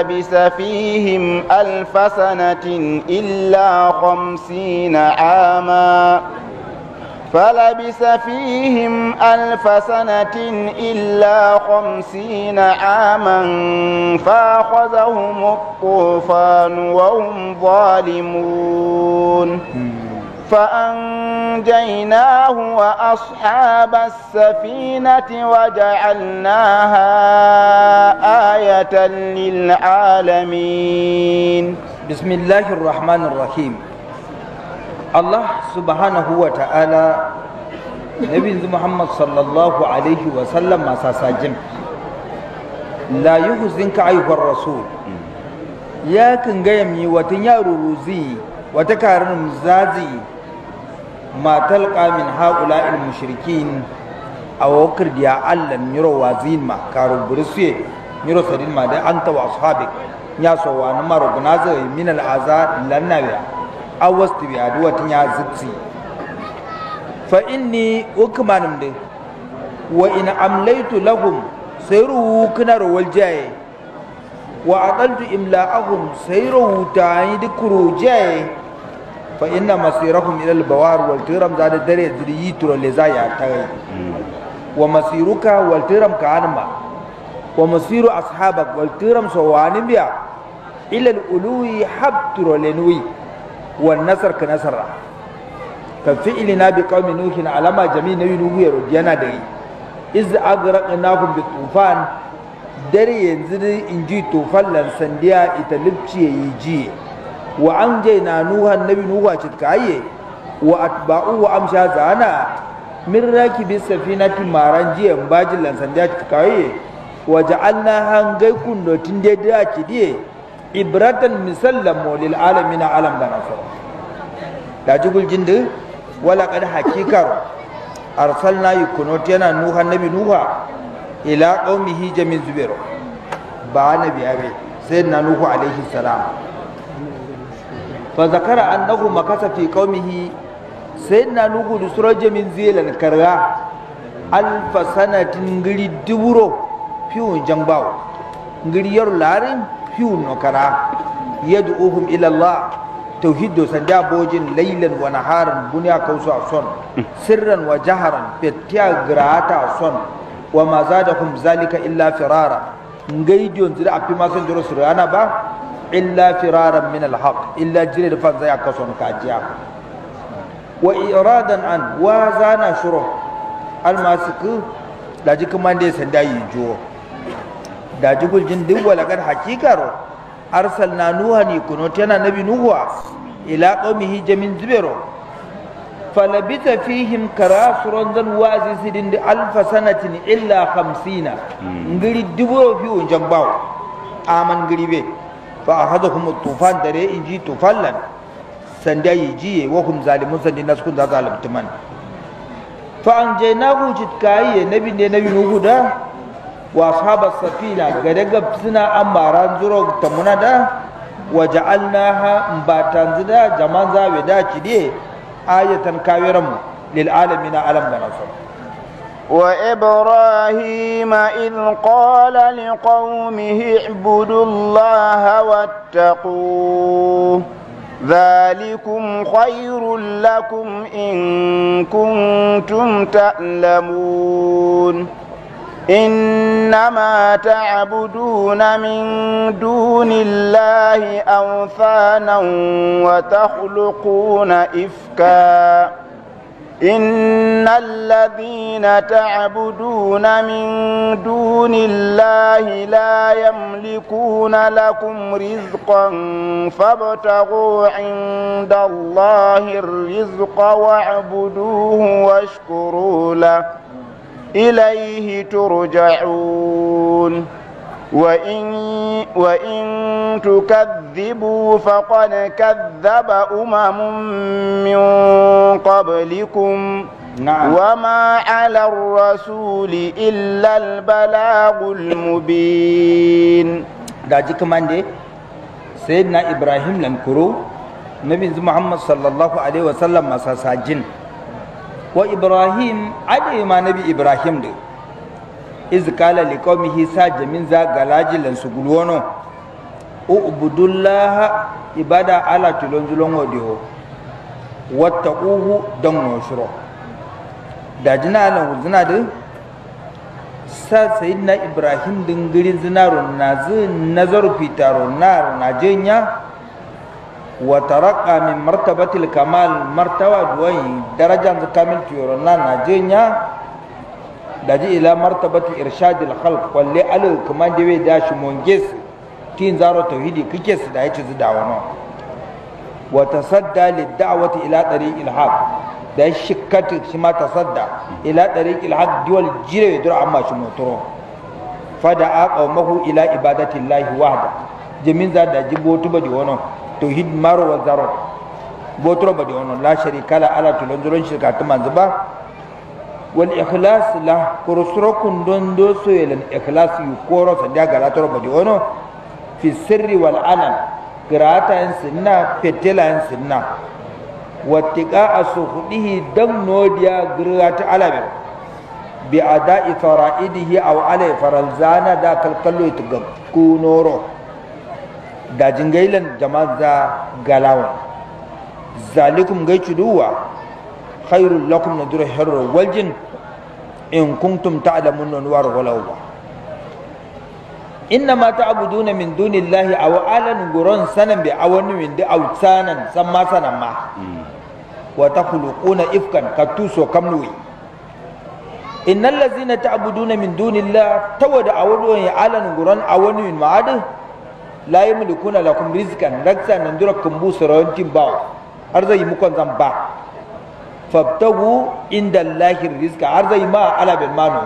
لبس فيهم ألف سنة إلا خمسين عاما فلبس فيهم ألف سنة إلا خمسين عاما فأخذهم الطوفان وهم ظالمون فأنجيناه وأصحاب السفينة وجعلناها رحمة للعالمين بسم الله الرحمن الرحيم الله سبحانه وتعالى نبي محمد صلى الله عليه وسلم ما ساساجم لا يحزنك أيها الرسول يا كنغيمي وتنيا روزي وتكارن مزازي ما تلقى من هؤلاء المشركين a wakar da ya allan yiro wazin ma karo bursiye nyurofadin ma dai an wa ashabik ya so wa na maro gunaza min al aza lannawiya awas tibi aduwa tin ya zitsi fa inni ukmanum de wa in amlaitu lahum sayru kunaru wal jaye wa adaltu imla'ahum sayru tani dikuru jaye fa inna masirahum ila al bawar wal tiram da dare zuri yitro le zaya tagai wa masiruka wal tiram ka anma wa masiru ashabak wal tiram so wanin biya ilal uluwi habturo lenwi wa nasar ka nasara ka fi'ili na bi qaumi na alama jami'i na yunuhu ya yana da yi iz agraqnakum bi tufan dare yanzu in ji tufan lan sandiya ita ya yi ji wa na nuhan nabi nuhu a citkaye wa atba'u wa amsha zana min rakibi safinati maran jiyan bajin lan sandiya wa ja'alna hangai kunno tinde da ki die ibratan misallamo lil alamin alam da nafa da jigul jindu wala qad hakikar arsalna yukuno tana nuha nabi nuha ila qaumihi jamin zubairu ba nabi sai na nuhu alaihi salam fa zakara annahu makasa fi qaumihi na nuhu da suraja min zilan karga alfa sanatin giri duburo piu jangbao ngiri yor larin piu nokara yad'uhum ila Allah tauhid do sanja bojin laylan wa naharan bunya kausu son sirran wa jaharan petya grata son wa ma zadahum zalika illa firara ngai don zira api ma son joro surana ba illa firaran min alhaq illa jire da fan zaya kason kajiya wa iradan an wa zana shuro almasiku da jikin man sanda yi juwo da jigul jin duk walakar hakikar na nuha ni kuno tana nabi nuhuwa ila qaumihi jamin zubero falabita fihim karasuran zan wazi sidin da alfa sanatin illa hamsina ngiri dubu fi wajen bawo aman ngiri be fa a haza kuma tufan dare in ji tufan lan sanda yi jiye wa kuma zalimun sandi na sukun za fa an jai na kuci kayi ya nabi ne nabi nuhu da wa sahaba safina gada gabsina an maran zuro ta munada wa ja'alnaha mbatan zida jaman zawe da ci de ayatan kawiran lil alamin alam da nasar wa ibrahim id qala liqaumihi ibudu allaha wattaquhu ذلكم خير لكم إن كنتم تعلمون إنما تعبدون من دون الله أوثانا وتخلقون إفكا إن الذين تعبدون من دون الله لا يملكون لكم رزقا فابتغوا عند الله الرزق واعبدوه واشكروا له إليه ترجعون وإن, وإن تكذبوا فقد كذب أمم من قبلكم نعم. وما على الرسول إلا البلاغ المبين داجي كمان دي سيدنا إبراهيم لنكرو نبي محمد صلى الله عليه وسلم مساساجين wa ibrahim ade ma nabi ibrahim de iz qala liqaumihi sajamin za galajilan su gulwono ubudullah ibada ala tulon julon wadiho wattaquhu dan noshuro da jina lan zina de sa sayyidina ibrahim din girin zinaro na zin nazar fitaro na na jinya. wa taraqqa min martabatil kamal martawa duwai darajan kamil tuyoro na najenya daji ila martabati irshadil khalq walle alal kuma da we da shi monges tin zaro tauhidi kike su da yace zu dawo no wa tasadda lid da'wati ila tariqil haq da shi shikkati shi ma tasadda ila tariqil haq diwal jire dur amma shi motoro fada aqawmahu ila ibadatillahi wahda jamin za da jibo tuba di wono tawhid maro wa zaro botoro bade ono la sharika la ala to londoron shirka to ba wal ikhlas la kurusro kun don do so yelen ikhlas yu koro sa daga la toro ono fi sirri wal alam qira'ata in sunna fetela in sunna wattiqa asuhdihi dan nodiya qira'ata alabe bi ada'i fara'idihi aw ala da kalkallo dajin jingailan da maza galawa zalikum gai cuduwa khairul lakum na dura hirar waljin in kuntum adamun nan war walawa inna ma ta'buduna min dunillahi aw alan guron sanan bi awani min da autanan san ma sanan ma wa takhluquna ifkan katuso kamnuwi innal ladzina ta'buduna min dunillahi tawada awadu ya alan guron awani min ma'adin la yamlikuna lakum rizqan raksa nan dura kumbu sarawan timbawa har zai muku zan ba fabtagu inda Allahi rizqa har zai ma ala bil manu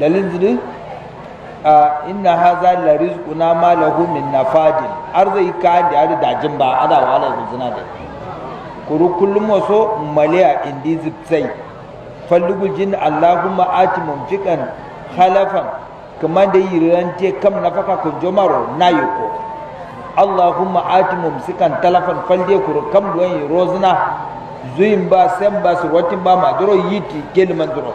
dalil a inna hadha la rizquna ma lahu min nafadin har zai ka da har dajin ba ana wala zuna da kuru kullum waso maliya indi zibsai fallugul jin allahumma ati mumfikan khalafan kamande yirante kam nafaka ko jomaro nayo ko allahumma atimu mumsikan talafan falde ko kam yi rozna zuin ba sem ba su wati ba ma doro yiti gelman duro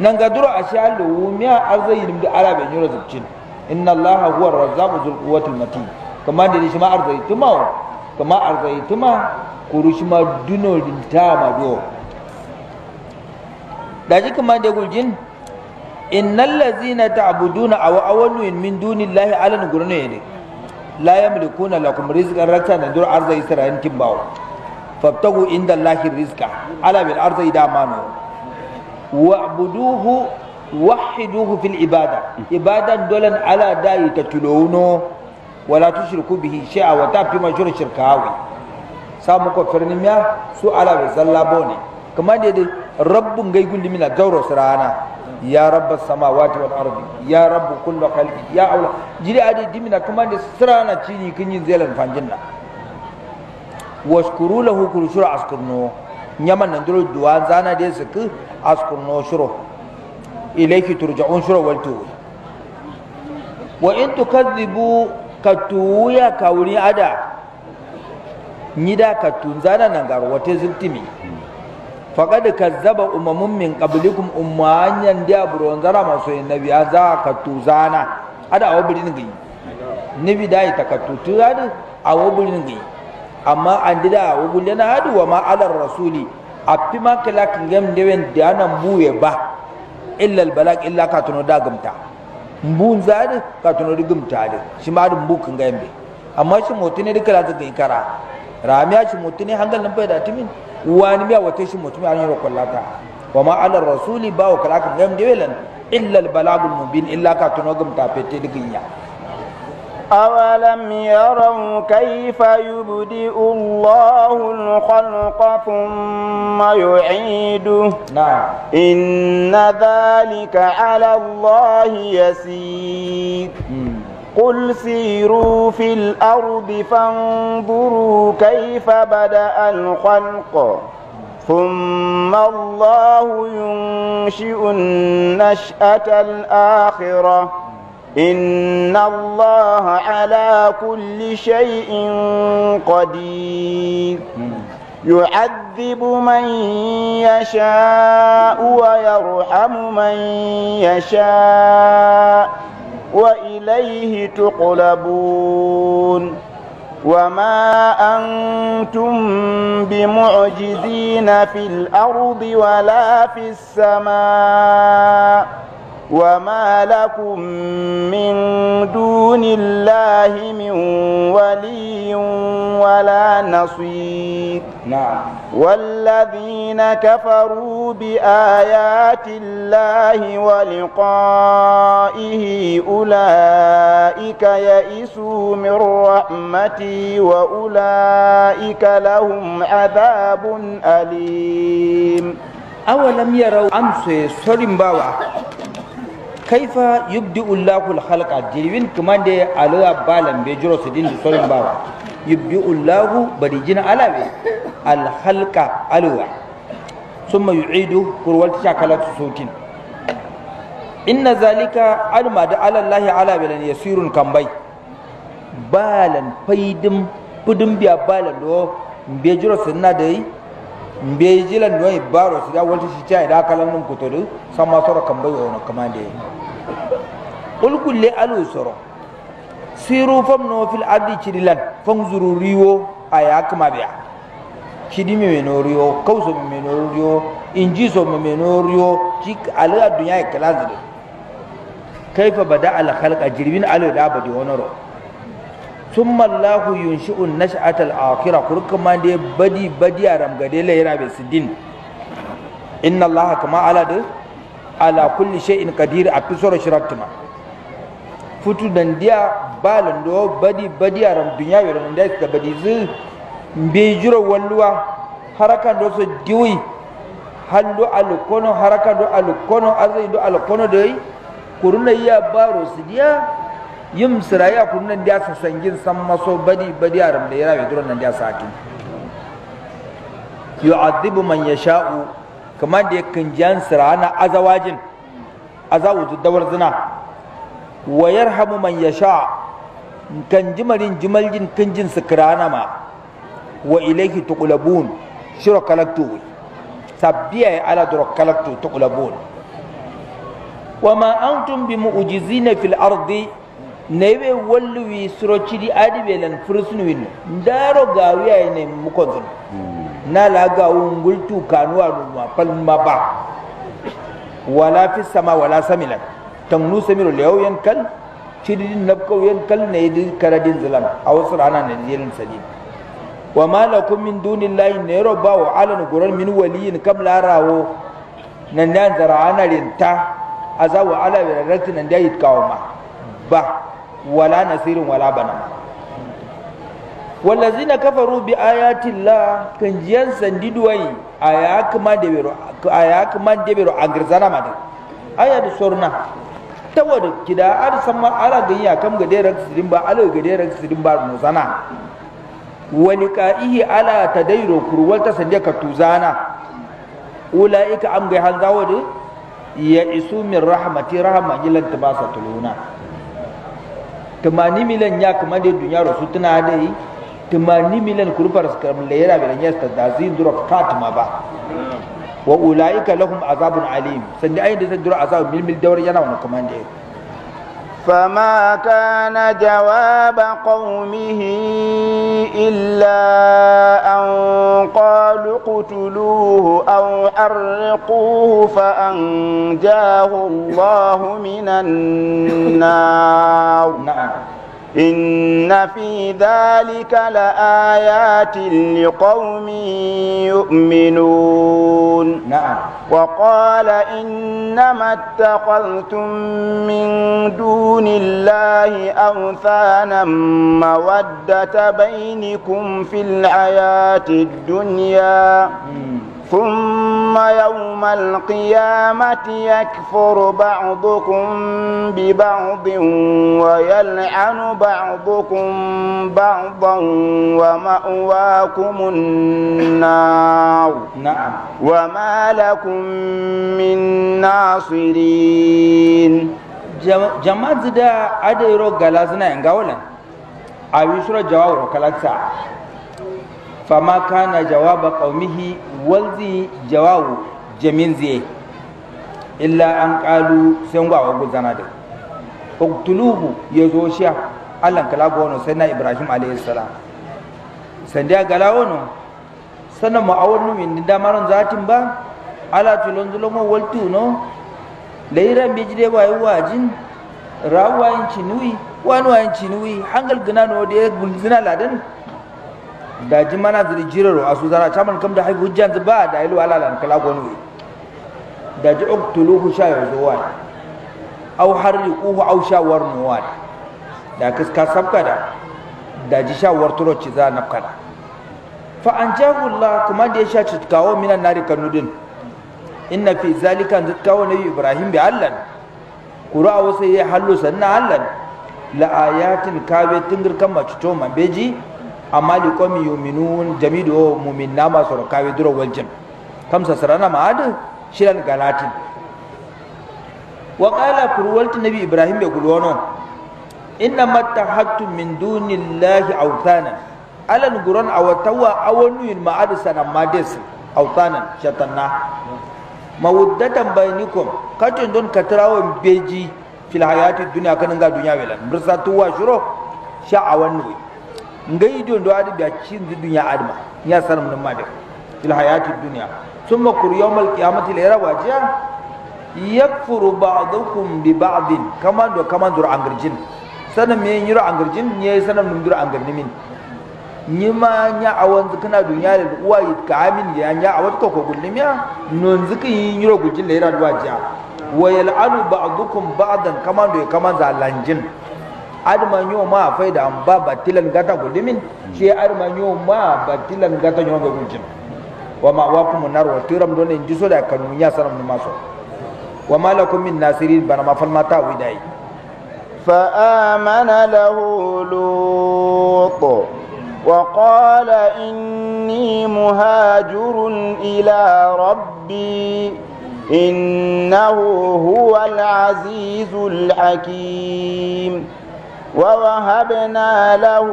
nan ga doro a sha Allah wumiya arzayin da arabe ne razubcin inna allaha huwa razzaqu dhul quwwati matin kamande da shi ma arzayi tumawo kama tuma kuru shi duno din ta ma do da ji kamande guljin innal ladzina ta'buduna aw awanu min dunillahi alan gurne ne la yamlikuna lakum rizqan na dur arza isra'in timbawo fabtagu inda allahi rizqa ala bil arza idamanu wa'buduhu wahiduhu fil ibada ibadan dolan ala dai tatuluno wala tushriku bihi shay'a wa tafi majrur shirkawi samu ko firnimiya su ala bai zalla bone kamar da rabbun gaigul limina gauros rana ya rabba sama samawati wal ardi ya Rabba kullum khalqi ya Aula, jiri adi dimina kuma da sirana cini kin yin zelan fanjinna washkuru lahu kul shura askurno nyaman nan duro duwa zana de suku askurno shuro ilayki turja'un shuro wal tu wa in tukadzibu katuya kauri ada nida katun zana nan garwate zultimi faqad kazzaba umamun min qablikum ummanyan dia buron zara maso nabi aza da ada awbirin gi nabi dai takatutu ada ni gi amma andida awbulena hadu wa ma ala rasuli fi ma kala kingam dewen dana buye ba illa al illa ka tuno da gumta mbun zade ka tuno da gumta de shi ma mbu bukin gambe amma shi motine dikala zai kara ramiya shi mutune hangal nan bai da timin wani miya wata shi mutumi an yi rokollata wa ma ala rasuli ba wa kala kan gamde welan illa al balagul mubin illa ka tuno gum ta fete diginya أولم يروا كيف يبدئ الله الخلق ثم يعيده نعم إن ala على الله يسير قل سيروا في الأرض فانظروا كيف بدأ الخلق ثم الله ينشئ النشأة الآخرة إن الله على كل شيء قدير يعذب من يشاء ويرحم من يشاء وإليه تقلبون وما أنتم بمعجزين في الأرض ولا في السماء وما لكم من دون الله من ولي ولا نصير نعم والذين كفروا بآيات الله ولقائه أولئك يئسوا من رحمتي وأولئك لهم عذاب أليم أولم يروا أمس سلم باوع kaifa yubdi'ullahu al-khalqa jirwin kumande aloya balam be juro sidin di sorin bawa ullahu bari jina alawe al-khalqa aloya summa yu'idu kurwal shakalat sutin inna zalika alma da alallahi ala bilan yasirun kambai balan faidim pudim biya balan do be juro sinna dai be jilan do baro sida walti shi cha ida kalan num kutodu sama soro kambai ono kamande holkulle alusoro siru fam no fil adi cidilan fam zuru riwo aya kuma biya cidi mi me no riwo kauso mi me no mi me no riwo ci ala kaifa bada al khalqa jirbin alu da badi wonoro thumma allah yunshi'u an-nash'ata al-akhirah kurkan ma de badi badi aram gade la yara be sidin inna allaha kama ala de ala kulli futu dan dia balan do badi badi aram dunya yoro nan dai ka badi zu mbe juro walluwa haraka do so diwi hallo kono haraka do kono azai do alkono dai kuruna ya baro su dia yim siraya kuruna dia sa sangin san maso badi badi aram da yara yoro nan dia sakin yu'adhibu man yasha'u kamar da yakan jan sirana azawajin azawudu dawar zina ويرحم من يشاء كان جمالين جمالين كان سكرانا كرانما وإليه تقلبون شرو كالكتو سبيعي على درو كالكتو تقلبون وما أنتم بمؤجزين في الأرض نبي ولوي سروتشي دي ادي بلان فرسن وين دارو غاوي اي ني نالا غاو غولتو كانوا ما بال ما با ولا في السماء ولا سملت tamnu samiru lewyen kal nabko yan kal ne di karadin zalam a wasu rana ne yelin salim wa ma lakum min llahi ne roba wa alan gurar min waliyin kam rawo nan da zara'ana aza azawa ala birarati nan da yitkawo ma ba wala nasirin wala bana wallazina kafaru bi ayatillah kan jiyan sandiduwai aya kuma debero aya kuma debero angirzana ma da aya da tawar gida ar ala gani ganya kam ga dai sirin ba ala ga dai sirin ba mu sana wani ka'ihi ala ta tadairo kurwal ta sanya ka tuzana ulaika am ga han zawo de ya isu min rahmati rahma gilan ta sa tuluna tumani milan ya kuma dai duniya rasu tana dai tumani milan kurfar skarmila yana bilan ya da zai drop kat ba wa ulaika lahum azabun alim sanda ayin da dura azab mil mil dawar yana wannan kuma da فما كان جواب قومه إلا أن قالوا اقتلوه أو حرقوه فأنجاه الله من النار نعم إن في ذلك لآيات لقوم يؤمنون نعم وقال إنما اتخذتم من دون الله أوثانا مودة بينكم في الحياة الدنيا ثم يوم القيامة يكفر بعضكم ببعض ويلعن بعضكم بعضا ومأواكم النار نعم وما لكم من ناصرين جماعة دا أديرو غلازنا ينغاولا أو يشرو جواو ركالاتسا fama kana jawaba qaumihi walzi jawabu jamin ziye illa an kalu sen wa wagu zana da ya zo shi Allah kala gono sai na Ibrahim alayhi salam sai da gala wono sana mu awonu min da maron zatin ba ala tulon zulomo waltu no leira bijide wa wajin rawayin cinui wanwayin cinui hangal gina no da gulzina ladan da ji mana zuri jiraro a su zara caman kam da haifu hujjan ba da ilu alalan kala gonu da ji uktuluhu sha ya wa au harriquhu au shawar muwad da kiska sabkada da ji shawar turoci za na kada fa anjahu la, kuma da ya sha kawo minan nari kanudin inna fi zalika kawo nabi ibrahim bi allan qura wasu ya hallu sanna allan la ayatin kabe tingir kan macuto mabeji amma li qawmi yu'minun jamidu oh, mu'min nama sura kawe duro wal jam kam ma ma'ad shiran galatin wa qala kurwalti nabi ibrahim be gulwono inna mattahattu min dunillahi awthana alal guron awatawa awanu in ma'ad sanan madis awthana shatanna mawaddatan bainakum katin don katrawan beji fil hayati dunya kanin ga dunya wala mirsatu wa shuro sha'awan wai ngai don do adi da cin dunya adma ya saram nan madir til hayati dunya summa qur yawmal qiyamati la yara wajiya yakfuru ba'dukum bi ba'din kama do kama dur angirjin sanan me yiro angirjin ne sanan num dur angirnimin nyima nya awan zikna dunya da uwa yit ka amin ya nya awat ko ko gulmiya non zikin yiro gujin la yara wajiya wa yal'anu ba'dukum ba'dan kama do kama zalanjin adma nyo ma faida amba batilan gata go dimin shi adma nyo ma batilan gata nyo go gunjin wa ma wa kuma nar wa turam don in jiso da kanu nya saram ni maso wa malakum min nasirin bana ma fal mata widai fa amana lahu lut wa qala inni muhajirun ila rabbi إنه هو العزيز الحكيم ووهبنا له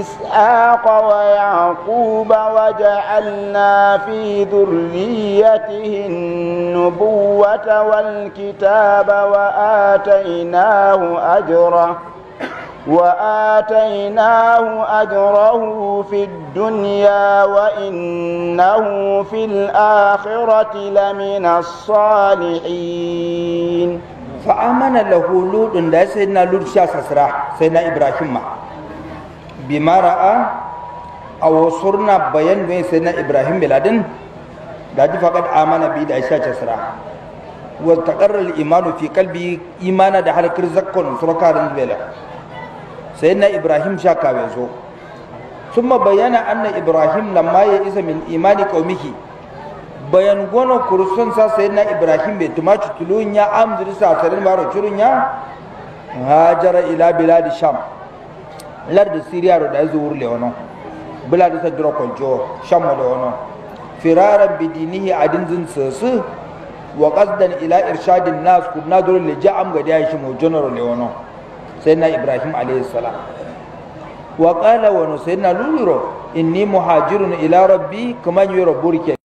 إسحاق ويعقوب وجعلنا في ذريته النبوة والكتاب وآتيناه أجره وآتيناه أجره في الدنيا وإنه في الآخرة لمن الصالحين fa amana lahu ludun da sai na lud sha sasra sai na ibrahim ma bi mara'a a na bayan ne sai na ibrahim biladin da ji faqad amana bi da sha sasra wa taqarra imanu fi kalbi imana da halakir zakkon surkarin bela sai na ibrahim sha kawe zo ثم بين أن إبراهيم ya isa من imani قومه bayan gono kurusun sa na ibrahim bai tuma cutulun ya amzuri sa sarin baro curun ya hajara ila biladi sham Lardu siriya da da zuwur le wono bilad sa dro konjo sham da wono firaran bidinihi adin zin sosu wa kasdan ila irshadin nas kunna dur le am ga dai shi mo jonoro le wono sayyidina ibrahim alayhi salam wa qala wa sayyidina luluro inni muhajirun ila rabbi kaman yura burke